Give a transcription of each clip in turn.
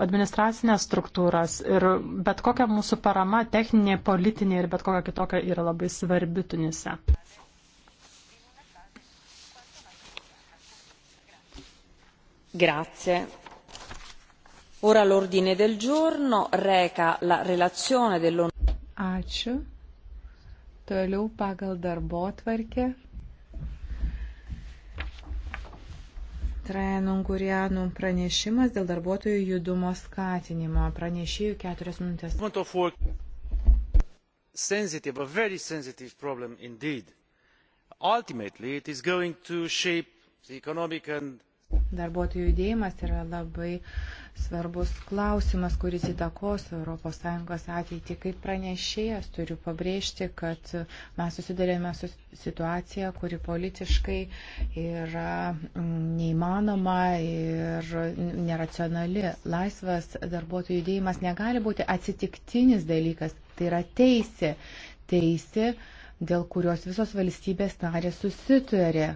administracinės struktūras ir bet kokia mūsų parama techninė, politinė ir bet kokia kitokia yra labai svarbi Tunise. Grazie. Ora l'ordine del giorno reca la relazione dell'ONU. Ačiū. Toliau pagal darbo tvarkę Trajanungurianų pranešimas dėl darbuotojų judumo skatinimo. Pranešėjų keturias minutės. Sensitive, a very sensitive problem indeed. Ultimately, it is going to shape the economic and Darbuotojų judėjimas yra labai svarbus klausimas, kuris įtakos ES ateitį. Kaip pranešėjas turiu pabrėžti, kad mes susidarėme su situacija, kuri politiškai yra mm, neįmanoma ir neracionali. Laisvas darbuotojų judėjimas negali būti atsitiktinis dalykas. Tai yra teisė. Teisė, dėl kurios visos valstybės narės susitarė.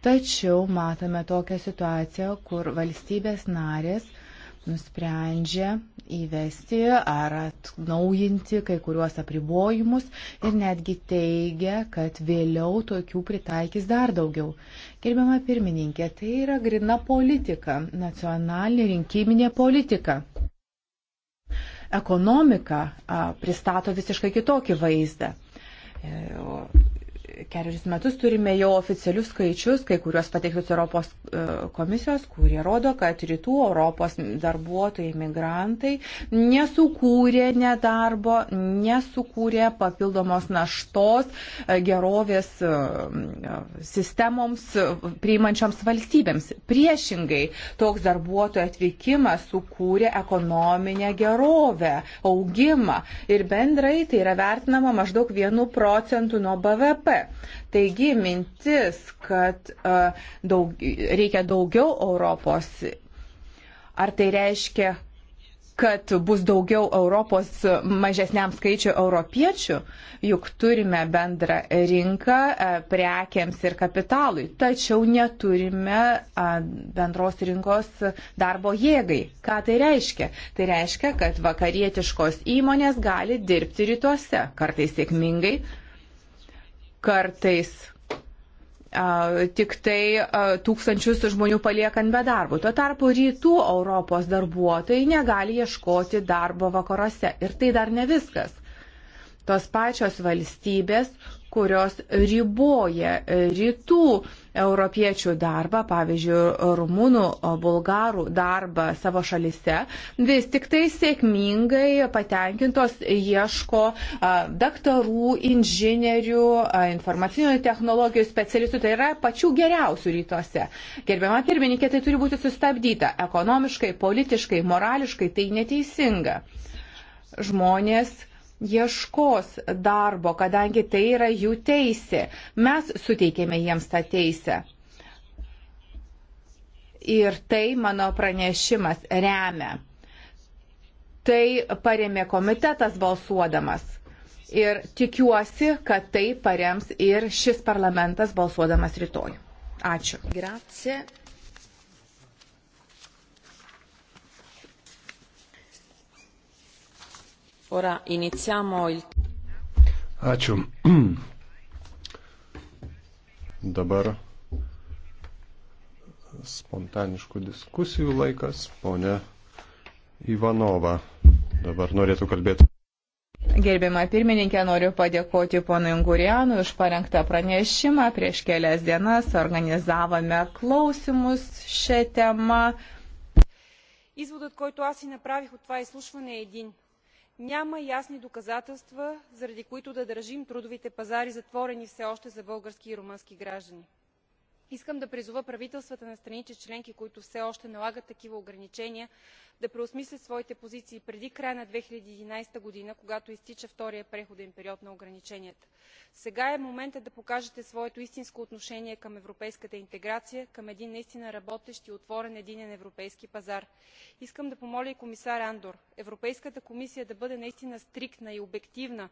Tačiau matome tokią situaciją, kur valstybės narės nusprendžia įvesti ar atnaujinti kai kuriuos apribojimus ir netgi teigia, kad vėliau tokių pritaikys dar daugiau. Gerbiama pirmininkė, tai yra grina politika, nacionalinė rinkiminė politika. Ekonomika a, pristato visiškai kitokį vaizdą. E, kelius metus turime jau oficialius skaičius, kai kuriuos pateiktus Europos e, komisijos, kurie rodo, kad rytų Europos darbuotojai, migrantai nesukūrė nedarbo, nesukūrė papildomos naštos e, gerovės e, sistemoms priimančioms valstybėms. Priešingai, toks darbuotojų atvykimas sukūrė ekonominę gerovę, augimą ir bendrai tai yra vertinama maždaug 1 procentų nuo BVP. Taigi mintis, kad daug, reikia daugiau Europos, ar tai reiškia, kad bus daugiau Europos mažesniam skaičiu europiečių, juk turime bendrą rinką e, prekiams ir kapitalui, tačiau neturime bendros rinkos darbo jėgai. Ką tai reiškia? Tai reiškia, kad vakarietiškos įmonės gali dirbti rytuose, kartais sėkmingai, kartais tik tai tūkstančius žmonių paliekant be darbo. Tuo tarpu rytų Europos darbuotojai negali ieškoti darbo vakaruose. Ir tai dar ne viskas. Tos pačios valstybės, kurios riboja rytų europiečių darbą, pavyzdžiui, rumūnų, bulgarų darbą savo šalise, vis tik tai sėkmingai patenkintos ieško daktarų, inžinierių, informacinių technologijų specialistų, tai yra pačių geriausių rytuose. Gerbiama pirmininkė, tai turi būti sustabdyta ekonomiškai, politiškai, morališkai, tai neteisinga. Žmonės ieškos darbo, kadangi tai yra jų teisė. Mes suteikėme jiems tą teisę. Ir tai mano pranešimas remia. Tai paremė komitetas balsuodamas. Ir tikiuosi, kad tai parems ir šis parlamentas balsuodamas rytoj. Ačiū. Grazie. Ora iniciamo il. Ačiū. Dabar spontaniškų diskusijų laikas. Pone Ivanova dabar norėtų kalbėti. Gerbima pirmininkė, noriu padėkoti ponui Ingurianui už parengtą pranešimą. Prieš kelias dienas organizavome klausimus šią temą. Изводът, който аз си направих от това изслушване е един няма ясни доказателства заради които да държим трудовите пазари затворени все още за български и румънски граждани. искам да призова правителствата на страните членки които все още налагат такива ограничения да преосмисли своите позиции преди края на две хиляди и единадесета година когато изтича вторият преходен период на ограниченията. сега е моментът да покажете своето истинско отношение към европейската интеграция към един наистина работещ и отворен единен европейски пазар. искам да помоля и комисар андор европейската комисия да бъде наистина стриктна и обективна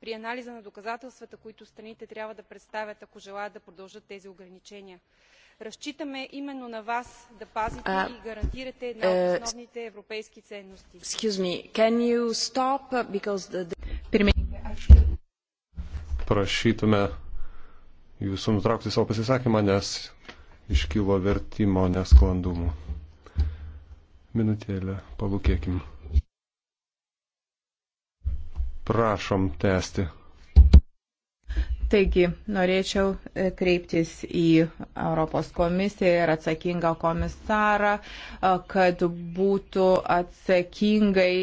при анализа на доказателствата които страните трябва да представят ако желаят да продължат тези ограничения. Разчитаме именно на вас да пазите uh, и гарантирате една uh, от основните европейски ценности. The... Pirmininkė, aš prašytume jūsų nutraukti savo pasisakymą, nes iškilo vertimo nesklandumų. Minutėlę, palūkėkim. Prašom tęsti. Taigi, norėčiau e, kreiptis į Europos komisiją ir atsakingą komisarą, e, kad būtų atsakingai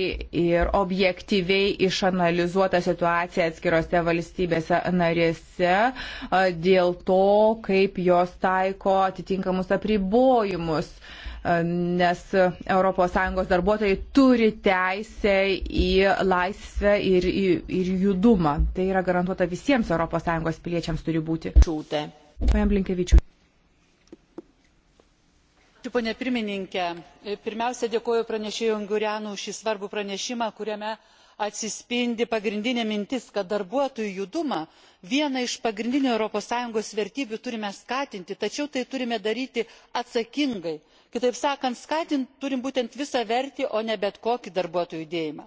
ir objektyviai išanalizuota situacija atskirose valstybėse narėse e, dėl to, kaip jos taiko atitinkamus apribojimus nes ES darbuotojai turi teisę į laisvę ir, ir, ir judumą. Tai yra garantuota visiems ES piliečiams turi būti. Šūtė. Pane Blinkevičiu. Pane pirmininkė, pirmiausia dėkoju pranešėjui Ungurianu už šį svarbų pranešimą, kuriame atsispindi pagrindinė mintis kad darbuotojų judumą vieną iš pagrindinių europos sąjungos vertybių turime skatinti tačiau tai turime daryti atsakingai kitaip sakant skatinti turime būtent visavertį o ne bet kokį darbuotojų judėjimą.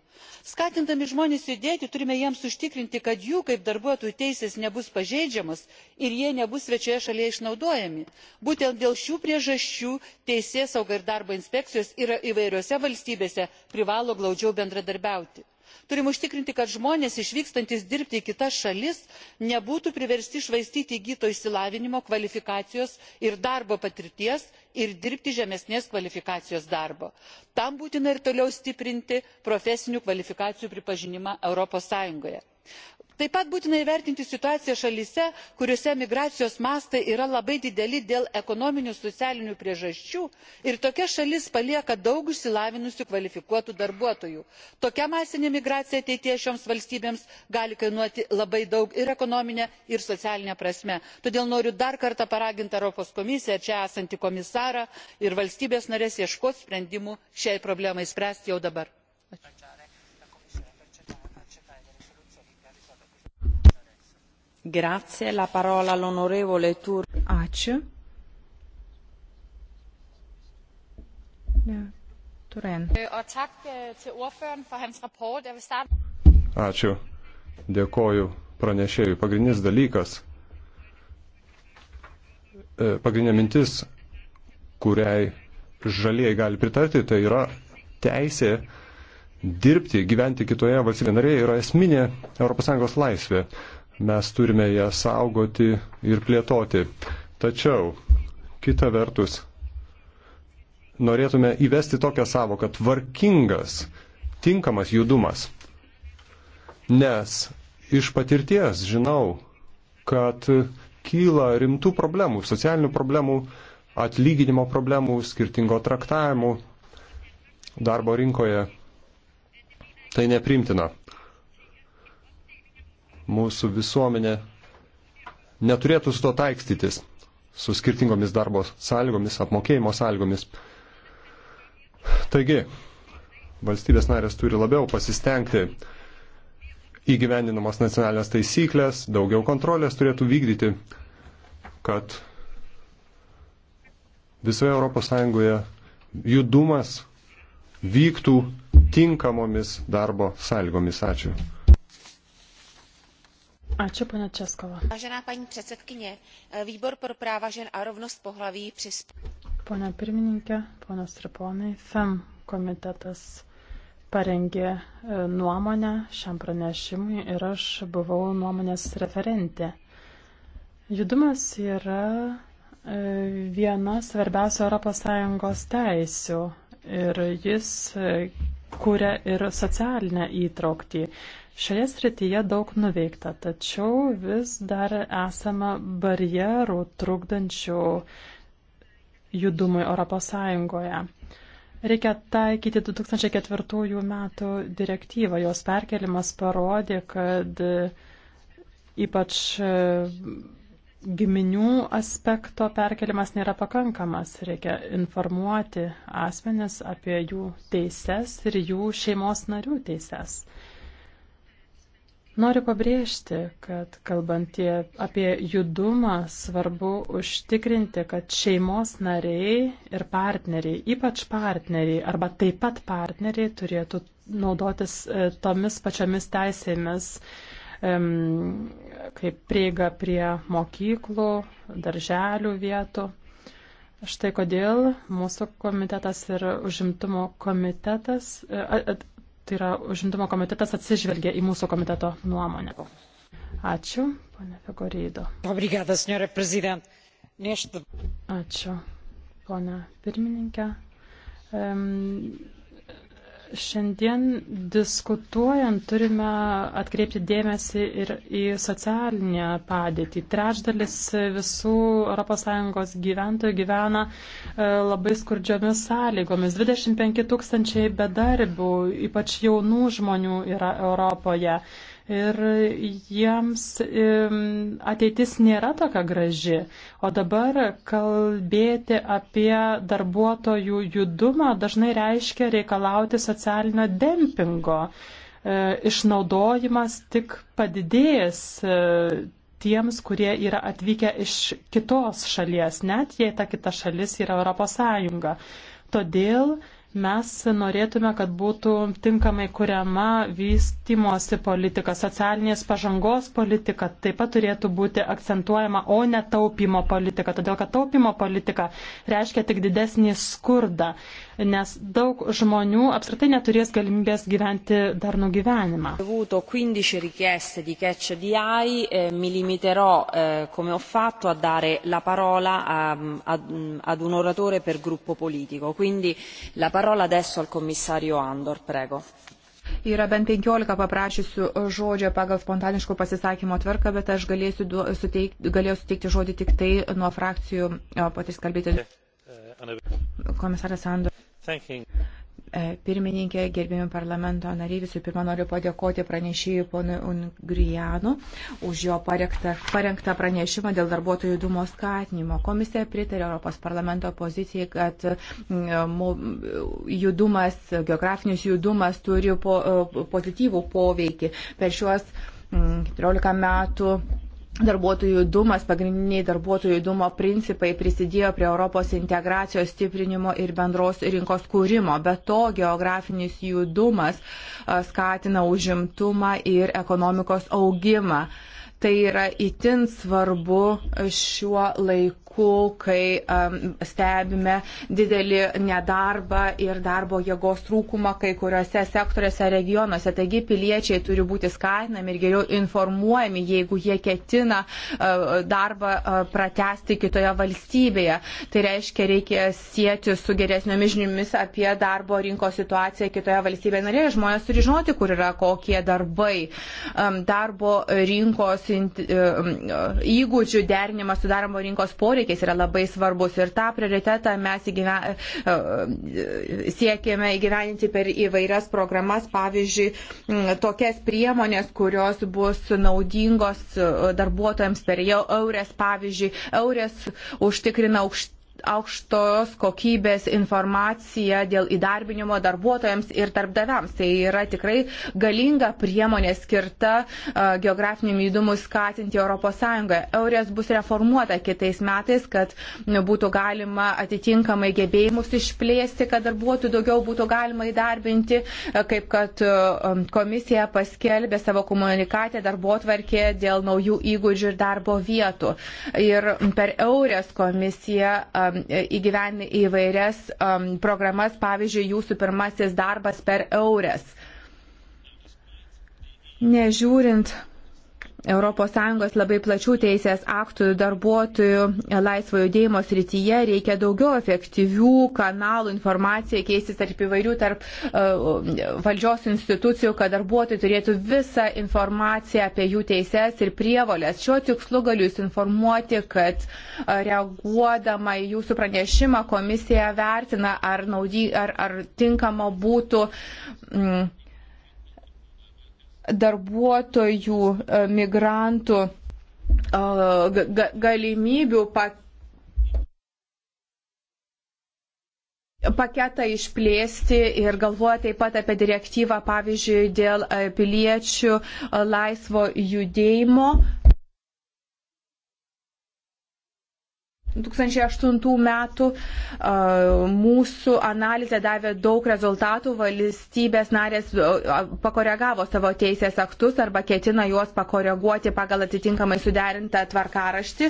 skatindami žmones judėti turime jiems užtikrinti kad jų kaip darbuotojų teisės nebus pažeidžiamos ir jie nebus svečioje šalyje išnaudojami. būtent dėl šių priežasčių teisėsauga ir darbo inspekcijos yra įvairiose valstybėse privalo glaudžiau bendradarbiauti turime užtikrinti kad žmonės išvykstantys dirbti į kitas šalis nebūtų priversti švaistyti įgyto išsilavinimo kvalifikacijos ir darbo patirties ir dirbti žemesnės kvalifikacijos darbą. tam būtina ir toliau stiprinti profesinių kvalifikacijų pripažinimą europos sąjungoje taip pat būtina įvertinti situaciją šalyse kuriose migracijos mastai yra labai dideli dėl ekonominių socialinių priežasčių ir tokias šalis palieka daug išsilavinusių kvalifikuotų darbuotojų. tokia masinė migracija ateityje šioms valstybėms gali kainuoti labai daug ir ekonomine ir socialine prasme todėl noriu dar kartą paraginti europos komisiją ir čia esantį komisarą ir valstybes nares ieškoti sprendimų šiai problemai spręsti jau dabar. Grazie, la parola l'onorevole Tur. Ačiū. Ne. Turen. Og tak øh, til ordføreren for hans rapport. Jeg vil starte. Ačiū. Dėkoju pranešėjui. Pagrindinis dalykas, e, pagrindinė mintis, kuriai žalieji gali pritarti, tai yra teisė dirbti, gyventi kitoje valstybėje narėje yra esminė ES laisvė mes turime ją saugoti ir plėtoti. Tačiau, kita vertus, norėtume įvesti tokią savoką - tvarkingas, tinkamas judumas. Nes iš patirties žinau, kad kyla rimtų problemų, socialinių problemų, atlyginimo problemų, skirtingo traktavimų darbo rinkoje. Tai neprimtina mūsų visuomenė neturėtų su to taikstytis, su skirtingomis darbo sąlygomis, apmokėjimo sąlygomis. Taigi, valstybės narės turi labiau pasistengti įgyvendinamos nacionalinės taisyklės, daugiau kontrolės turėtų vykdyti, kad visoje ES judumas vyktų tinkamomis darbo sąlygomis. Ačiū. Ačiū, ponia Českova. Vážená paní předsedkyně, eh, výbor pro práva žen a rovnost pohlaví přispěl. Pone pirmininkė, ponas ir ponai, FEM komitetas parengė eh, nuomonę šiam pranešimui ir aš buvau nuomonės referentė. Judumas yra eh, viena svarbiausia ES teisių ir jis kuria ir socialinę įtraukti. Šioje srityje daug nuveikta, tačiau vis dar esama barjerų trukdančių judumui Europos Sąjungoje. Reikia taikyti 2004 metų direktyvą. Jos perkelimas parodė, kad ypač e, giminių aspekto perkelimas nėra pakankamas. Reikia informuoti asmenis apie jų teises ir jų šeimos narių teises. Noriu pabrėžti, kad kalbant apie judumą, svarbu užtikrinti, kad šeimos nariai ir partneriai, ypač partneriai arba taip pat partneriai turėtų naudotis e, tomis pačiomis teisėmis kaip prieiga prie mokyklų, darželių vietų. Štai kodėl mūsų komitetas ir užimtumo komitetas, e, tai yra užimtumo komitetas atsižvelgia į mūsų komiteto nuomonę. Ačiū, ponė Fegorydo. Obrigada, senjore prezident. Ačiū, ponė pirmininkė. Um, Šiandien diskutuojant turime atkreipti dėmesį ir į socialinę padėtį. Trečdalis visų ES gyventojų gyvena e, labai skurdžiomis sąlygomis. 25 tūkstančiai bedarbių, ypač jaunų žmonių yra Europoje ir jiems ateitis nėra tokia graži. O dabar kalbėti apie darbuotojų judumą dažnai reiškia reikalauti socialinio dempingo. E, išnaudojimas tik padidėjęs e, tiems, kurie yra atvykę iš kitos šalies, net jei ta kita šalis yra Europos Sąjunga. Todėl uh, Mes norėtume, kad būtų tinkamai kuriama vystimosi politika, socialinės pažangos politika taip pat turėtų būti akcentuojama, o ne taupimo politika, todėl kad taupimo politika reiškia tik didesnį skurdą nes daug žmonių apskritai neturės galimybės gyventi darnų gyvenimą. Eh, mi limiterò, eh, come ho fatto, a dare la parola a, a, ad un oratore per gruppo politico. Quindi la parola adesso al commissario Andor, prego. Yra bent 15 paprašysiu žodžio pagal spontaniškų pasisakymo tvarką, bet aš galėsiu du, suteik, galėjau suteikti žodį tik tai nuo frakcijų patys kalbėti. Eh, eh, Komisaras Andor. E, pirmininkė, gerbėmi parlamento nariai, visų pirma noriu padėkoti pranešėjui ponui Ungrijanu už jo parengtą, parengtą pranešimą dėl darbuotojų judumo skatinimo. Komisija pritarė Europos parlamento pozicijai, kad judumas, geografinis judumas turi po, e, pozityvų poveikį per šiuos 14 metų Darbuotojų judumas, pagrindiniai darbuotojų judumo principai prisidėjo prie Europos integracijos stiprinimo ir bendros rinkos kūrimo. Be to, geografinis judumas skatina užimtumą ir ekonomikos augimą. Tai yra itin svarbu šiuo laiku laikų, kai um, stebime didelį nedarbą ir darbo jėgos trūkumą kai kuriuose sektoriuose regionuose. Taigi piliečiai turi būti skatinami ir geriau informuojami, jeigu jie ketina uh, darbą uh, pratesti kitoje valstybėje. Tai reiškia, reikia sieti su geresniomis žiniomis apie darbo rinkos situaciją kitoje valstybėje narėje. Žmonės turi žinoti, kur yra kokie darbai. Um, darbo rinkos įgūdžių derinimas su darbo rinkos poreikiais poreikis yra labai svarbus ir tą prioritetą mes įgyve, e, e, siekėme įgyveninti per įvairias programas, pavyzdžiui, tokias priemonės, kurios bus naudingos e, darbuotojams per jau eurės, pavyzdžiui, eurės užtikrina aukštą aukštos kokybės informaciją dėl įdarbinimo darbuotojams ir darbdaviams. Tai yra tikrai galinga priemonė skirta geografiniam judumui skatinti ES. Eurės bus reformuota kitais metais, kad būtų galima atitinkamai gebėjimus išplėsti, kad darbuotojų daugiau būtų galima įdarbinti, kaip kad komisija paskelbė savo komunikatę darbo atvarkė dėl naujų įgūdžių ir darbo vietų. Ir per Eurės komisiją Um, įgyvenę įvairias um, programas, pavyzdžiui, jūsų pirmasis darbas per eurės. Nežiūrint ES labai plačių teisės aktų darbuotojų laisvo judėjimo srityje reikia daugiau efektyvių kanalų informacijai keistis tarp įvairių, tarp uh, valdžios institucijų, kad darbuotojai turėtų visą informaciją apie jų teises ir prievolės. Šiuo tikslu galiu Jūs informuoti, kad e, reaguodama į Jūsų pranešimą komisija vertina, ar, naudy, ar, ar tinkama būtų. Mm, darbuotojų, e, migrantų e, galimybių paketą išplėsti ir galvoja taip pat apie direktyvą, pavyzdžiui, dėl e, piliečių laisvo judėjimo 2008 metų mūsų analizė davė daug rezultatų, valstybės narės pakoregavo savo teisės aktus arba ketina juos pakoreguoti pagal atitinkamai suderintą tvarkaraštį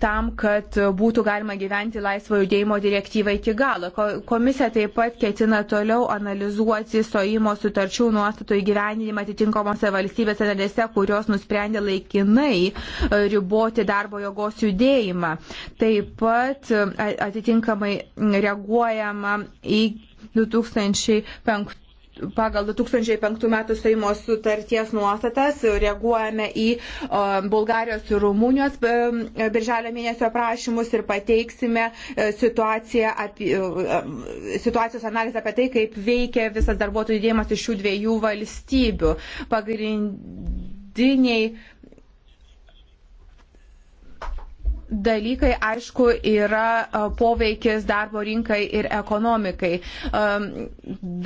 tam, kad būtų galima gyventi laisvo judėjimo direktyvą iki galo. Komisija taip pat ketina toliau analizuoti stojimo sutarčių nuostatų įgyvendinimą atitinkamose valstybėse narėse, kurios nusprendė laikinai riboti darbo jėgos judėjimą. Taip pat e, atitinkamai reaguojama į 2005 pagal 2005 metų Seimo sutarties nuostatas reaguojame į e, Bulgarijos ir Rumunijos e, birželio mėnesio prašymus ir pateiksime situaciją apie, situacijos analizę apie tai, kaip veikia visas darbuotojų judėjimas iš šių dviejų valstybių. Pagrindiniai dalykai, aišku, yra e, poveikis darbo rinkai ir ekonomikai. E,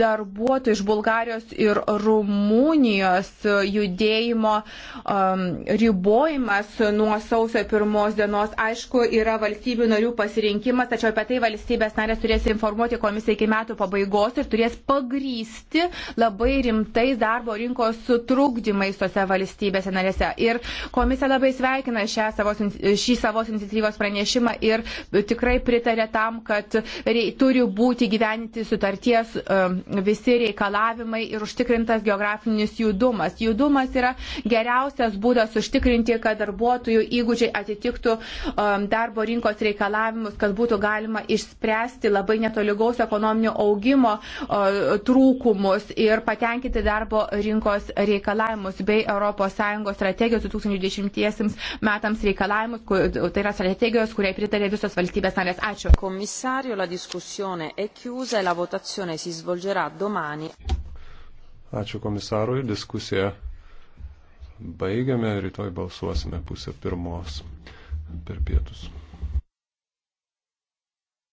darbuotojų iš Bulgarijos ir Rumunijos judėjimo e, ribojimas nuo sausio pirmos dienos, aišku, yra valstybių narių pasirinkimas, tačiau apie tai valstybės narės turės informuoti komisiją iki metų pabaigos ir turės pagrysti labai rimtais darbo rinkos sutrukdymais tose valstybėse narėse. Ir komisija labai sveikina šią savo, šį savo iniciatyvos pranešimą ir tikrai pritarė tam, kad rei, turi būti gyventi sutarties um, visi reikalavimai ir užtikrintas geografinis judumas. Judumas yra geriausias būdas užtikrinti, kad darbuotojų įgūdžiai atitiktų um, darbo rinkos reikalavimus, kad būtų galima išspręsti labai netolygaus ekonominio augimo trūkumus ir patenkinti darbo rinkos reikalavimus bei ES strategijos 2020 metams reikalavimus, tai yra yra strategijos, kuriai pritarė visos valstybės narės. Ačiū. Komisario, la diskusione è chiusa e la votazione si svolgerà domani. Ačiū komisarui, diskusiją baigiame, rytoj balsuosime pusę pirmos per pietus.